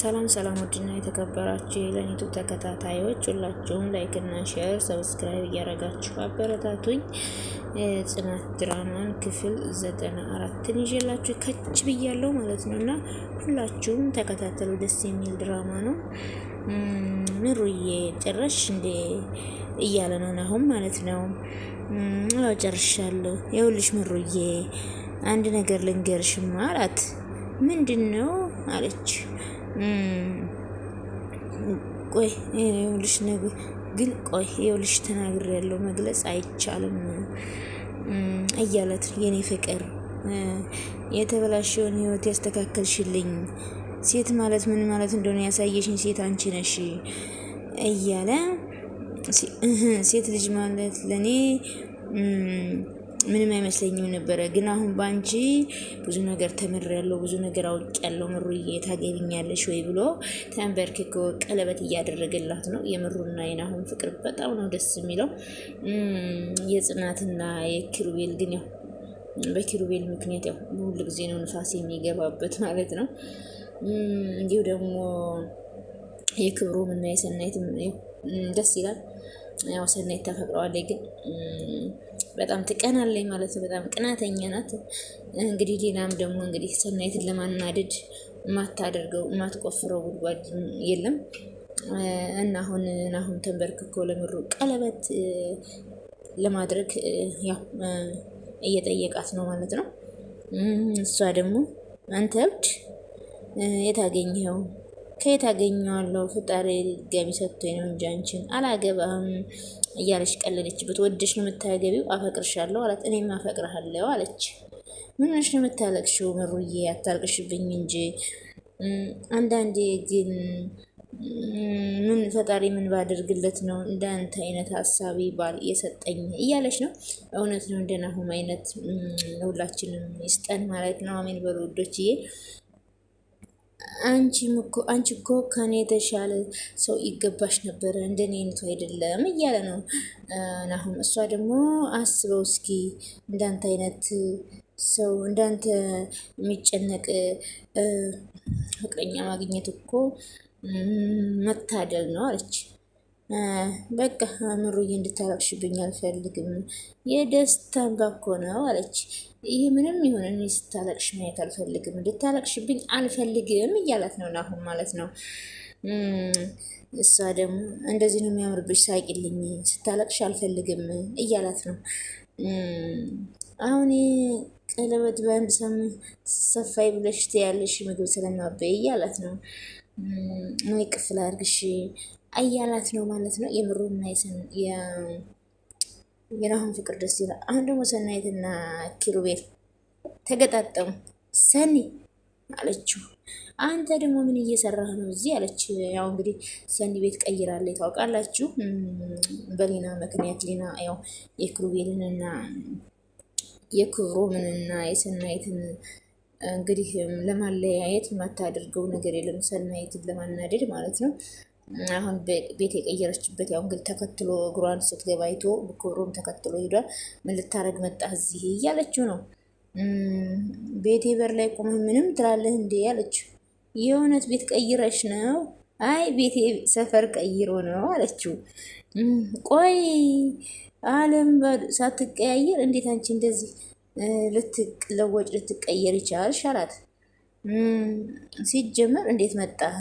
ሰላም ሰላም፣ ውድና የተከበራችሁ የለኒቱ ተከታታዮች ሁላችሁም ላይክ እና ሼር ሰብስክራይብ እያደረጋችሁ አበረታቱኝ። ጽናት ድራማን ክፍል ዘጠና አራትን ይዤላችሁ ከች ብያለው ማለት ነው እና ሁላችሁም ተከታተሉ። ደስ የሚል ድራማ ነው። ምሩዬ ጭራሽ እንዴ እያለ ነው ናሁም ማለት ነው። ጨርሻለሁ። ይኸውልሽ ምሩዬ አንድ ነገር ልንገርሽማ አላት። ምንድን ነው አለች ቆይ ይኸውልሽ ነገር ግን ቆይ ይኸውልሽ ተናግር ያለው መግለጽ አይቻልም እያለት የኔ ፍቅር የተበላሸውን ህይወት ያስተካከልሽልኝ ሴት ማለት ምን ማለት እንደሆነ ያሳየሽኝ ሴት አንቺ ነሽ እያለ ሴት ልጅ ማለት ለእኔ ምንም አይመስለኝም ነበረ። ግን አሁን በአንቺ ብዙ ነገር ተምሬያለሁ፣ ብዙ ነገር አውቄያለሁ፣ ምሩዬ ታገቢኛለሽ ወይ ብሎ ተንበርክኮ ቀለበት እያደረገላት ነው። የምሩና የናሁን ፍቅር በጣም ነው ደስ የሚለው። የጽናትና የኪሩቤል ግን ያው በኪሩቤል ምክንያት ያው ሁሉ ጊዜ ነው ንፋስ የሚገባበት ማለት ነው። እንዲሁ ደግሞ የክብሩም እና የሰናይትም ደስ ይላል። ያው ሰናይት ታፈቅረዋለች ግን በጣም ትቀናለኝ ማለት ነው። በጣም ቅናተኛ ናት። እንግዲህ ሌላም ደግሞ እንግዲህ ሰናይትን ለማናደድ ማታደርገው ማትቆፍረው ጉድጓድ የለም እና አሁን አሁን ተንበርክኮ ለምሩ ቀለበት ለማድረግ ያው እየጠየቃት ነው ማለት ነው። እሷ ደግሞ አንተ እብድ የታገኘኸው ከየት አገኘዋለሁ? ፍጣሪ ድጋሚ ሰጥቶ ነው እንጂ አንቺን አላገባም እያለች ቀለለችበት። ወደሽ ነው የምታገቢው? አፈቅርሻለሁ አላት። እኔም አፈቅርሃለሁ አለች። ምንሽ ነው የምታለቅሽው? ምሩዬ አታልቅሽብኝ እንጂ አንዳንዴ ግን ምን ፈጣሪ ምን ባደርግለት ነው እንዳንተ አይነት ሀሳቢ ባል እየሰጠኝ እያለች ነው። እውነት ነው እንደናሁም አይነት ሁላችንም ይስጠን ማለት ነው። አሜን በሉ ውዶችዬ። አንቺ እኮ ከኔ የተሻለ ሰው ይገባሽ ነበረ፣ እንደኔ አይነቱ አይደለም እያለ ነው ናሁም። እሷ ደግሞ አስበው እስኪ እንዳንተ አይነት ሰው እንዳንተ የሚጨነቅ ፍቅረኛ ማግኘት እኮ መታደል ነው አለች። በቃ ምሩዬ እንድታለቅሽብኝ አልፈልግም። የደስታ እንባ እኮ ነው አለች። ይሄ ምንም ይሁን እኔ ስታለቅሽ ማየት አልፈልግም፣ እንድታለቅሽብኝ አልፈልግም እያላት ነው ናሁን ማለት ነው። እሷ ደግሞ እንደዚህ ነው የሚያምርብሽ፣ ሳቂልኝ፣ ስታለቅሽ አልፈልግም እያላት ነው። አሁን ቀለበት በአንድ ሰም ሰፋይ ብለሽ ትያለሽ ምግብ ስለማበይ እያላት ነው። እኔ ቅፍል አድርግሽ እያላት ነው ማለት ነው። የምሩና የናሁን ፍቅር ደስ ይላል። አሁን ደግሞ ሰናይትና ኪሩቤል ተገጣጠሙ። ሰኒ አለችው አንተ ደግሞ ምን እየሰራህ ነው እዚህ አለች። ያው እንግዲህ ሰኒ ቤት ቀይራለ ታውቃላችሁ፣ በሊና ምክንያት ሊና ያው የክሩቤልንና የክብሮምንና የሰናይትን እንግዲህ ለማለያየት የማታደርገው ነገር የለም ሰናይትን ለማናደድ ማለት ነው። አሁን ቤት የቀየረችበት ያው እንግዲህ ተከትሎ እግሯን ስትገባ አይቶ ክብሮም ተከትሎ ሄዷል። ምን ልታረግ መጣ እዚህ እያለችው ነው። ቤቴ በር ላይ ቆመ ምንም ትላለህ እንዴ ያለችው። የእውነት ቤት ቀይረሽ ነው? አይ ቤቴ ሰፈር ቀይሮ ነው አለችው። ቆይ አለም ሳትቀያየር እንዴት አንቺ እንደዚህ ልትለወጭ ልትቀየር ይቻልሽ? አላት ሲጀመር እንዴት መጣህ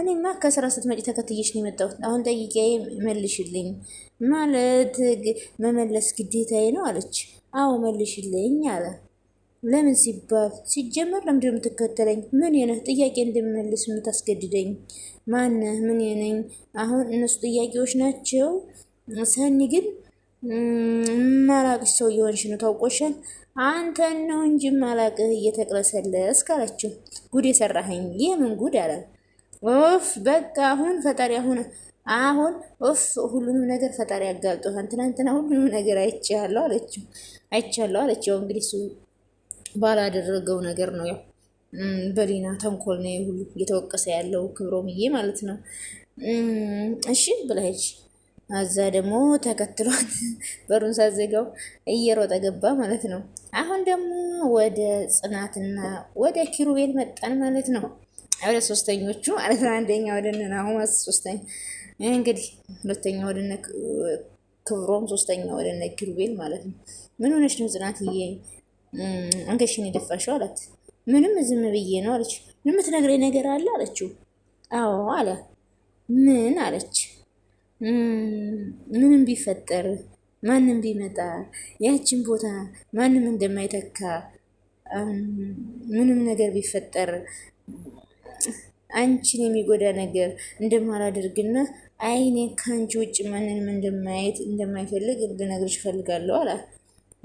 እኔማ ከስራ ስትመጪ ተከትዬሽ ነው የመጣሁት። አሁን ጠይቄ መልሽልኝ ማለት መመለስ ግዴታዬ ነው አለች። አዎ መልሽልኝ አለ። ለምን ሲባል ሲጀመር ለምንድን ነው የምትከተለኝ? ምን ነህ? ጥያቄ እንደምመልስ የምታስገድደኝ ማነህ? ምን የነኝ? አሁን እነሱ ጥያቄዎች ናቸው። ሰኒ ግን ማላቅሽ ሰው እየሆንሽ ነው። ታውቆሻል። አንተን ነው እንጂ ማላቅህ እየተቅለሰለስክ አለችው። ጉድ የሰራኸኝ ይህ ምን ጉድ አላል ኦፍ በቃ አሁን ፈጣሪ አሁን አሁን ኦፍ ሁሉንም ነገር ፈጣሪ ያጋልጦታል። ትናንትና ሁሉንም ነገር አይቻለሁ አለችው፣ አይቻለሁ አለችው። እንግዲህ እሱ ባላደረገው ነገር ነው ያው በሊና ተንኮል ነው ሁሉ እየተወቀሰ ያለው ክብሮምዬ ማለት ነው። እሺ ብላች አዛ ደግሞ ተከትሏት በሩን ሳዘጋው እየሮጠ ገባ ማለት ነው። አሁን ደግሞ ወደ ጽናትና ወደ ኪሩቤል መጣን ማለት ነው። ወደ ሶስተኞቹ ማለት ነው። አንደኛ ወደ እነ ሶስተኛ እንግዲህ ሁለተኛ ወደ እነ ክብሮም፣ ሶስተኛ ወደ እነ ኪሩቤል ማለት ነው። ምን ሆነሽ ነው ጽናትዬ አንገሽን የደፋሽው አላት። ምንም ዝም ብዬ ነው አለች። የምትነግረኝ ነገር አለ አለችው። አዎ አለ። ምን አለች? ምንም ቢፈጠር ማንም ቢመጣ ያችን ቦታ ማንም እንደማይተካ ምንም ነገር ቢፈጠር አንቺን የሚጎዳ ነገር እንደማላደርግና አይኔ ከአንቺ ውጭ ማንንም እንደማየት እንደማይፈልግ ልነግርሽ እፈልጋለሁ አላት።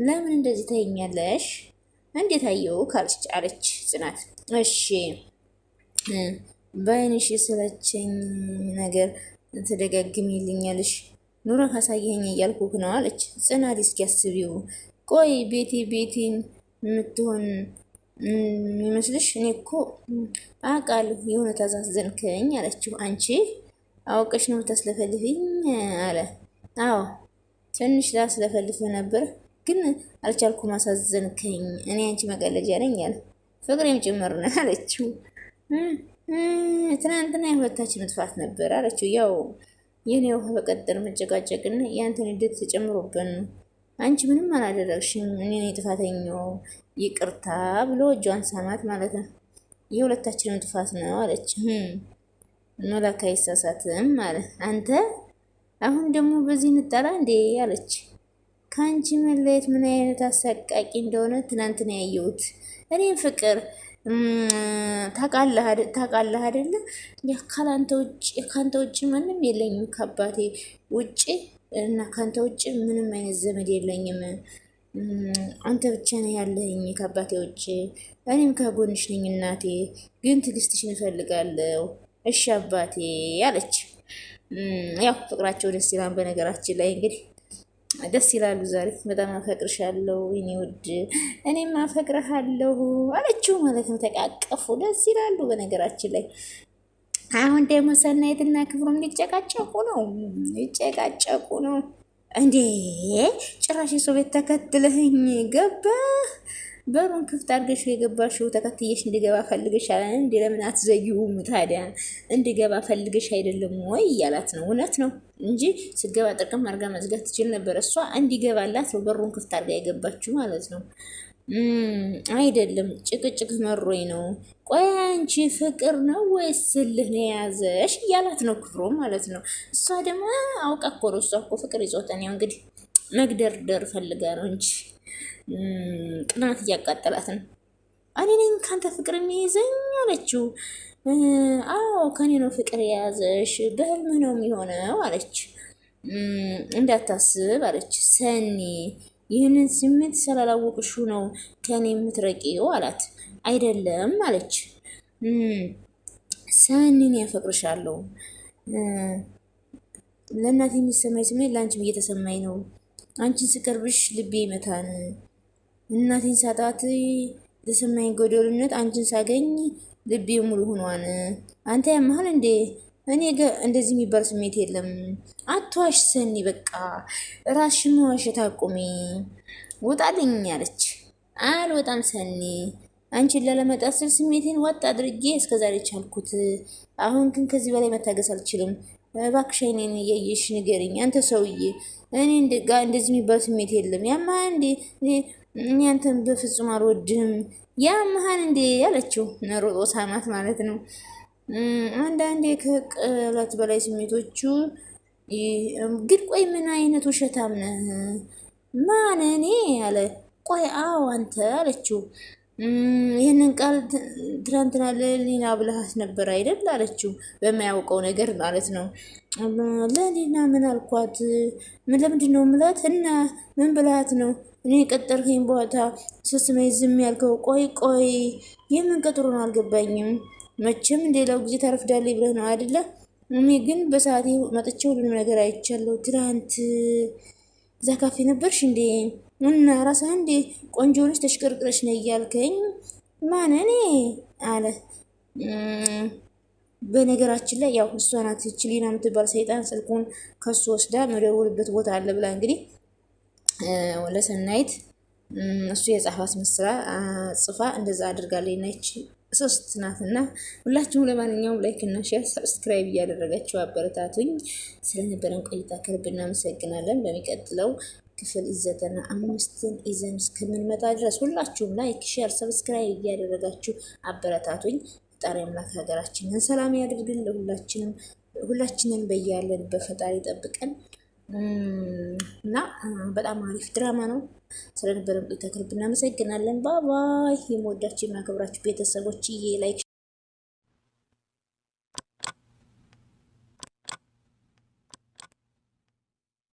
ለምን እንደዚህ ታይኛለሽ? እንዴት አየው ካልች አለች ጽናት። እሺ በአይንሽ የሰለቸኝ ነገር ትደጋግሚልኛለሽ ኑሮ ካሳየኝ እያልኩክ ነው አለች ጽናት። እስኪ አስቢው ቆይ ቤቴ ቤቴን የምትሆን የሚመስልሽ? እኔ እኮ አውቃለሁ የሆነ ታዛዘንክኝ አለችው። አንቺ አውቀሽ ነው ታስለፈልፍኝ አለ። አዎ ትንሽ ላስለፈልፍ ነበር ግን አልቻልኩ ማሳዘንከኝ። እኔ አንቺ መቀለጃ ነኝ አለ። ፍቅሬም ጭምር ነው አለችው። ትናንትና የሁለታችን ጥፋት ነበር አለችው። ያው የኔ ውሃ በቀጠር መጨቃጨቅና የአንተን ደት ተጨምሮብን ነው አንቺ ምንም አላደረግሽም፣ እኔ ነኝ ጥፋተኛው፣ ይቅርታ ብሎ እጇን ሳማት ማለት ነው። የሁለታችንም ጥፋት ነው አለች። መላክ አይሳሳትም ማለት አንተ አሁን ደግሞ በዚህ እንጣላ እንዴ አለች። ከአንቺ መለየት ምን አይነት አሰቃቂ እንደሆነ ነው ያየሁት እኔም ፍቅር ታውቃለህ አይደለ? ከአንተ ውጭ ማንም የለኝም ከአባቴ ውጭ እና ከአንተ ውጭ ምንም አይነት ዘመድ የለኝም። አንተ ብቻ ነው ያለኝ ከአባቴ ውጭ። እኔም ከጎንሽ ነኝ እናቴ፣ ግን ትዕግስትሽን እፈልጋለሁ። እሺ አባቴ አለች። ያው ፍቅራቸው ደስ ይላል። በነገራችን ላይ እንግዲህ ደስ ይላሉ። ዛሬ በጣም አፈቅርሻለሁ የኔ ውድ፣ እኔም አፈቅርሃለሁ አለችው ማለት ነው። ተቃቀፉ። ደስ ይላሉ በነገራችን ላይ አሁን ደግሞ ሰናይትና ክብሩም ሊጨቃጨቁ ነው፣ ሊጨቃጨቁ ነው። እንዴ ጭራሽ የሰው ቤት ተከትለህኝ ገባ። በሩን ክፍት አድርገሽ የገባሽው ተከትየሽ እንድገባ ፈልገሽ አለ እንዴ? ለምን አትዘጊውም ታዲያ? እንድገባ ፈልገሽ አይደለም ወይ እያላት ነው። እውነት ነው እንጂ ስገባ ጥርቅም አድርጋ መዝጋት ትችል ነበር። እሷ እንዲገባላት በሩን ክፍት አድርጋ የገባችው ማለት ነው። አይደለም፣ ጭቅጭቅ መሮኝ ነው። ቆይ አንቺ ፍቅር ነው ወይስ ስልህ ነው የያዘሽ እያላት ነው ክፍሮ ማለት ነው። እሷ ደግሞ አውቃ እኮ ነው። እሷ እኮ ፍቅር ይዞተን ያው እንግዲህ መግደርደር ፈልጋ ነው እንጂ ቅናት እያቃጠላት ነው። እኔ ነኝ ካንተ ፍቅር የሚይዘኝ አለችው። አዎ ከኔ ነው ፍቅር የያዘሽ፣ በህልምህ ነው የሚሆነው አለች። እንዳታስብ አለች ሰኒ ይህንን ስሜት ስላላወቅሽው ነው ከኔ የምትረቂው አላት። አይደለም አለች። ሰኒን ያፈቅርሻለሁ። ለእናቴ የሚሰማኝ ስሜት ለአንቺም እየተሰማኝ ነው። አንቺን ስቀርብሽ ልቤ ይመታን። እናቴን ሳጣት የተሰማኝ ጎደልነት አንቺን ሳገኝ ልቤ ሙሉ ሆኗን። አንተ ያመሃል እንዴ እኔ ጋ እንደዚህ የሚባል ስሜት የለም። አትዋሽ ሰኒ፣ በቃ ራስሽን መዋሸት አቁሚ፣ ውጣልኝ አለች። አልወጣም ሰኒ፣ አንቺን ላለመጣት ስል ስሜቴን ዋጥ አድርጌ እስከዛሬ ቻልኩት። አሁን ግን ከዚህ በላይ መታገስ አልችልም። እባክሽ ዓይኔን እያየሽ አንተ ሰውዬ፣ እኔ ጋ እንደዚህ የሚባል ስሜት የለም። ያማህ እንዴ? እኔ አንተን በፍጹም አልወድህም። ያማህን እንዴ? ያለችው ሮጦ ሳማት ማለት ነው። አንዳንዴ ከቃላት በላይ ስሜቶቹ። ግን ቆይ ምን አይነት ውሸታም ነህ? ማን እኔ አለ። ቆይ አዎ አንተ አለችው። ይህንን ቃል ትናንትና ለሊና ብልሃት ነበር አይደል አለችው። በማያውቀው ነገር ማለት ነው። ለሊና ምን አልኳት? ምን ለምንድን ነው ምላት እና ምን ብልሃት ነው እኔ የቀጠርከኝ ቦታ ስስመኝ ዝም ያልከው? ቆይ ቆይ የምን ቀጥሮን አልገባኝም። መቼም ሌላው ጊዜ ታረፍዳለች ብለህ ነው አይደለ? እኔ ግን በሰዓቴ መጥቼ ሁሉንም ነገር አይቻለሁ። ትናንት እዛ ካፌ ነበርሽ እንዴ? እና ራስ እንዴ ቆንጆ ነች ተሽቀርቅረሽ ነ እያልከኝ ማን እኔ አለ። በነገራችን ላይ ያው እሷ ናት ሊና የምትባል ሰይጣን ስልኩን ከሱ ወስዳ መደውልበት ቦታ አለ ብላ እንግዲህ ለሰናይት እሱ የጻፋት ምስራ ጽፋ እንደዛ አድርጋለች ነች። ሶስት ናት እና ሁላችሁም ለማንኛውም ላይክ እና ሼር ሰብስክራይብ እያደረጋችሁ አበረታቱኝ። ስለነበረን ቆይታ ከልብ እናመሰግናለን። በሚቀጥለው ክፍል ዘጠና አምስትን ይዘን እስከምንመጣ ድረስ ሁላችሁም ላይክ፣ ሼር፣ ሰብስክራይብ እያደረጋችሁ አበረታቱኝ። ፈጣሪ አምላክ ሀገራችንን ሰላም ያድርግን። ለሁላችንም ሁላችንን በያለን በፈጣሪ ጠብቀን እና በጣም አሪፍ ድራማ ነው። ስለነበረን ቆይታ ከልብ እናመሰግናለን። ባባይ የምወዳችሁ የሚያከብራችሁ ቤተሰቦች ላይክ